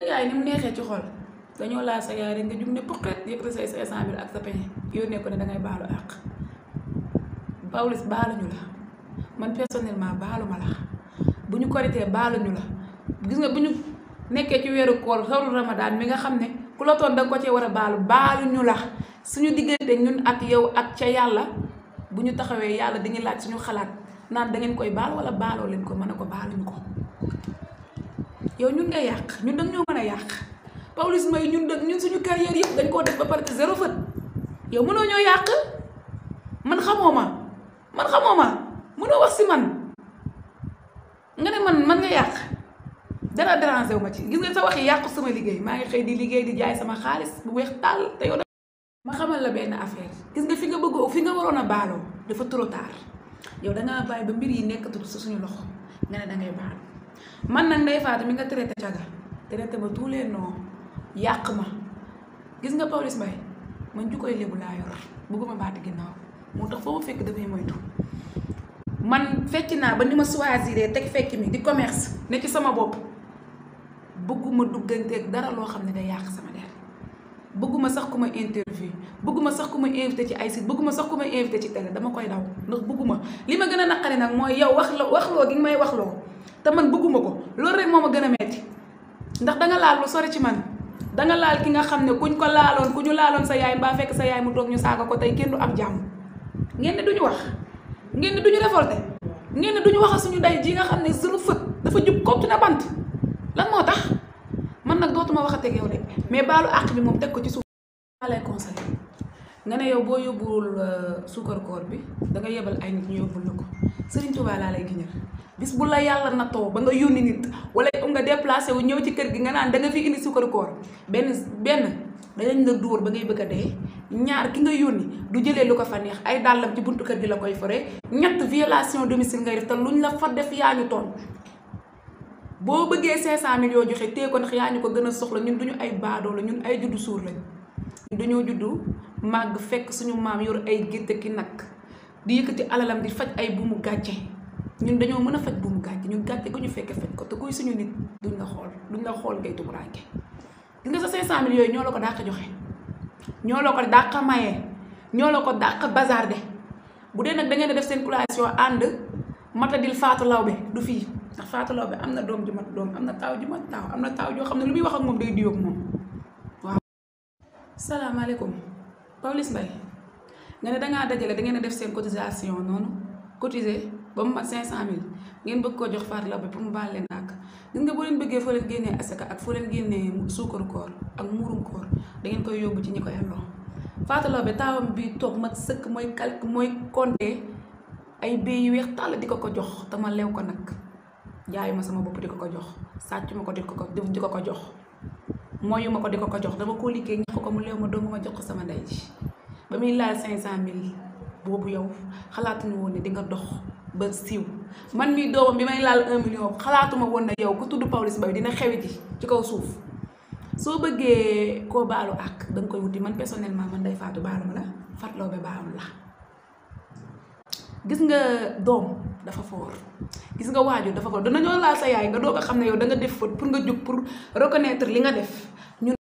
yaay ni mu neexee ci xool dañoo laal sa yaay rek nga jug ne poqet yëpp say cinq sa mille ak sa peñe yónnee ko ne dangay baalu àq Pawlish baaluñu la man personnellement baalu ma la bu ñu koritee baaluñu la gis nga bu ñu nekkee ci weeru koor xaru ramadaan mi nga xam ne ku la toon da nga ko cee war a baalu ñu la suñu diggante ñun ak yow ak ca yàlla bu ñu taxawee yàlla dañuy laaj suñu xalaat naan da ngeen koy baal wala baaloo leen ko mën a ko baaluñu ko yow ñun nga yàq ñun danga ñoo mën a yàq Pawlish Mbaye ñun da ñun suñu carrière yëpp dañ koo def ba pare zéro fët yow mënoo ñoo yàq man xamoo ma man xamoo ma mënoo wax si man nga ne man man nga yàq dara dérangé wu ma ci gis nga sa wax yi yàqu sama liggéey maa ngi xëy di liggéey di jaay sama xaalis bu weex tàll te yow ma xamal la benn affaire gis fi nga bëgg fi nga waroon a baaloo dafa trop tard yow dangaa bàyyi ba mbir yi nekkatul sa suñu loxo nga ne dangay baal man nag Ndeye Fatou mi nga traité caga traité ma tous les noms yàq ma gis nga Pawlish Mbaye man jukkooy lébu laa yor bëgguma baati ginnaaw moo tax foo fekk damay moytu man fekk naa ba ni ma choisir teg fekk mi di commerce ne ci sama bopp bëgguma dugganteeg dara loo xam ne day yàq sama der bëgguma sax ku ma interview bëgguma sax ku ma invité ci ay site bëgguma sax ku ma invité ci télé dama koy daw ndax bëgguma li ma gën a naqari nag mooy yow wax la waxloo gi may waxloo te man bëgguma ko loolu rek moo ma gën a metti ndax danga laal lu sori ci man danga laal ki nga xam ne kuñ ko laaloon ku ñu laaloon sa yaay mbaa fekk sa yaay mu toog ñu saaga ko tey kenn du am jàmm ngeen ne duñu wax ngeen ne duñu révolté ngeen du duñu wax suñu day ji nga xam ne suñu fët dafa jub kootu na bant lan moo tax man nag dootuma wax a teg yow de mais baalu àq bi moom teg ko ci suuf maa lay conseillé nga ne yow boo yóbbuwul euh, suukar koor bi danga yebal ay nit ñu ko Serigne Touba laa lay giñal bis bu la yàlla taw ba nga yónni nit wala nga déplacé wu ñëw ci kër gi nga naan da nga fi indi sukkaru koor benn benn danañ la dóor ba ngay bëgg a ñaar ki nga yónni du jëlee lu ko fa neex ay dàllam ci buntu kër gi la koy fore ñett violation domicile ngay def te luñ la fa def yaa ñu toon boo bëggee 500 millions yoo joxe tee ko ndax yaa ñu ko gën soxla ñun duñu ay baadoo ñun ay juddu suur lañ dañoo juddu màgg fekk suñu maam yor ay gétt ki nag di yëkkati alalam di faj ay bu mu ñun dañoo mën a faj bu mu gàcce ñun gàcce gu ñu fekkee faj ko te kuy suñu nit duñ la xool duñ la xool ngay tumuraanke gis nga sa 500 mille yooyu ñoo la ko dàq joxe ñoo la ko dàq maye ñoo la ko dàq bazarde bu dee nag da ngeen def seen collation ànd matadil faatu bi du fii ndax faatu bi am na doom ju mat doom am na taaw ju mat taaw am na taaw joo xam ne lu muy wax ak moom day diw ak moom waaw. salaamaaleykum Pawlish Mbaye nga ne dangaa dajale da ngeen a def seen cotisation noonu cotiser ba mu mat 500000 ngeen bëgg ko jox Fatou Laobé pour mu baax leen àq gis nga boo leen bëggee foo leen génnee asaka ak foo leen génnee suukaru koor ak muurum koor da ngeen koy yóbbu ci ñi koy yelloo Fatou Laobé taawam bi toog mat sëkk mooy calque mooy compter ay bee yu weex tàll di ko ko jox te ma lew ko nag jaay ma sama bopp di ko ko jox sàcc ma ko di ko ko di ko ko jox mooyu ma ko di ko ko jox dama koo liggéey ñax ko mu lew ma doomu ma jox ko sama ndey ji ba muy laal cinq cent mille boobu yow xalaatuñu woon ne di nga dox ba siiw man mii doomam bi may laal un million xalaatuma woon na yow ku tudd Pawlish Mbaye dina xewiti ci kaw suuf soo bëggee koo baalu ak da nga koy wuti man personnellement man day faatu baalu ma la fatloo ba baalu la gis nga doom dafa foor gis nga waajur dafa foor danañoo laal sa yaay nga doo a xam ne yow danga def faute pour nga jug pour reconnaître li nga def ñun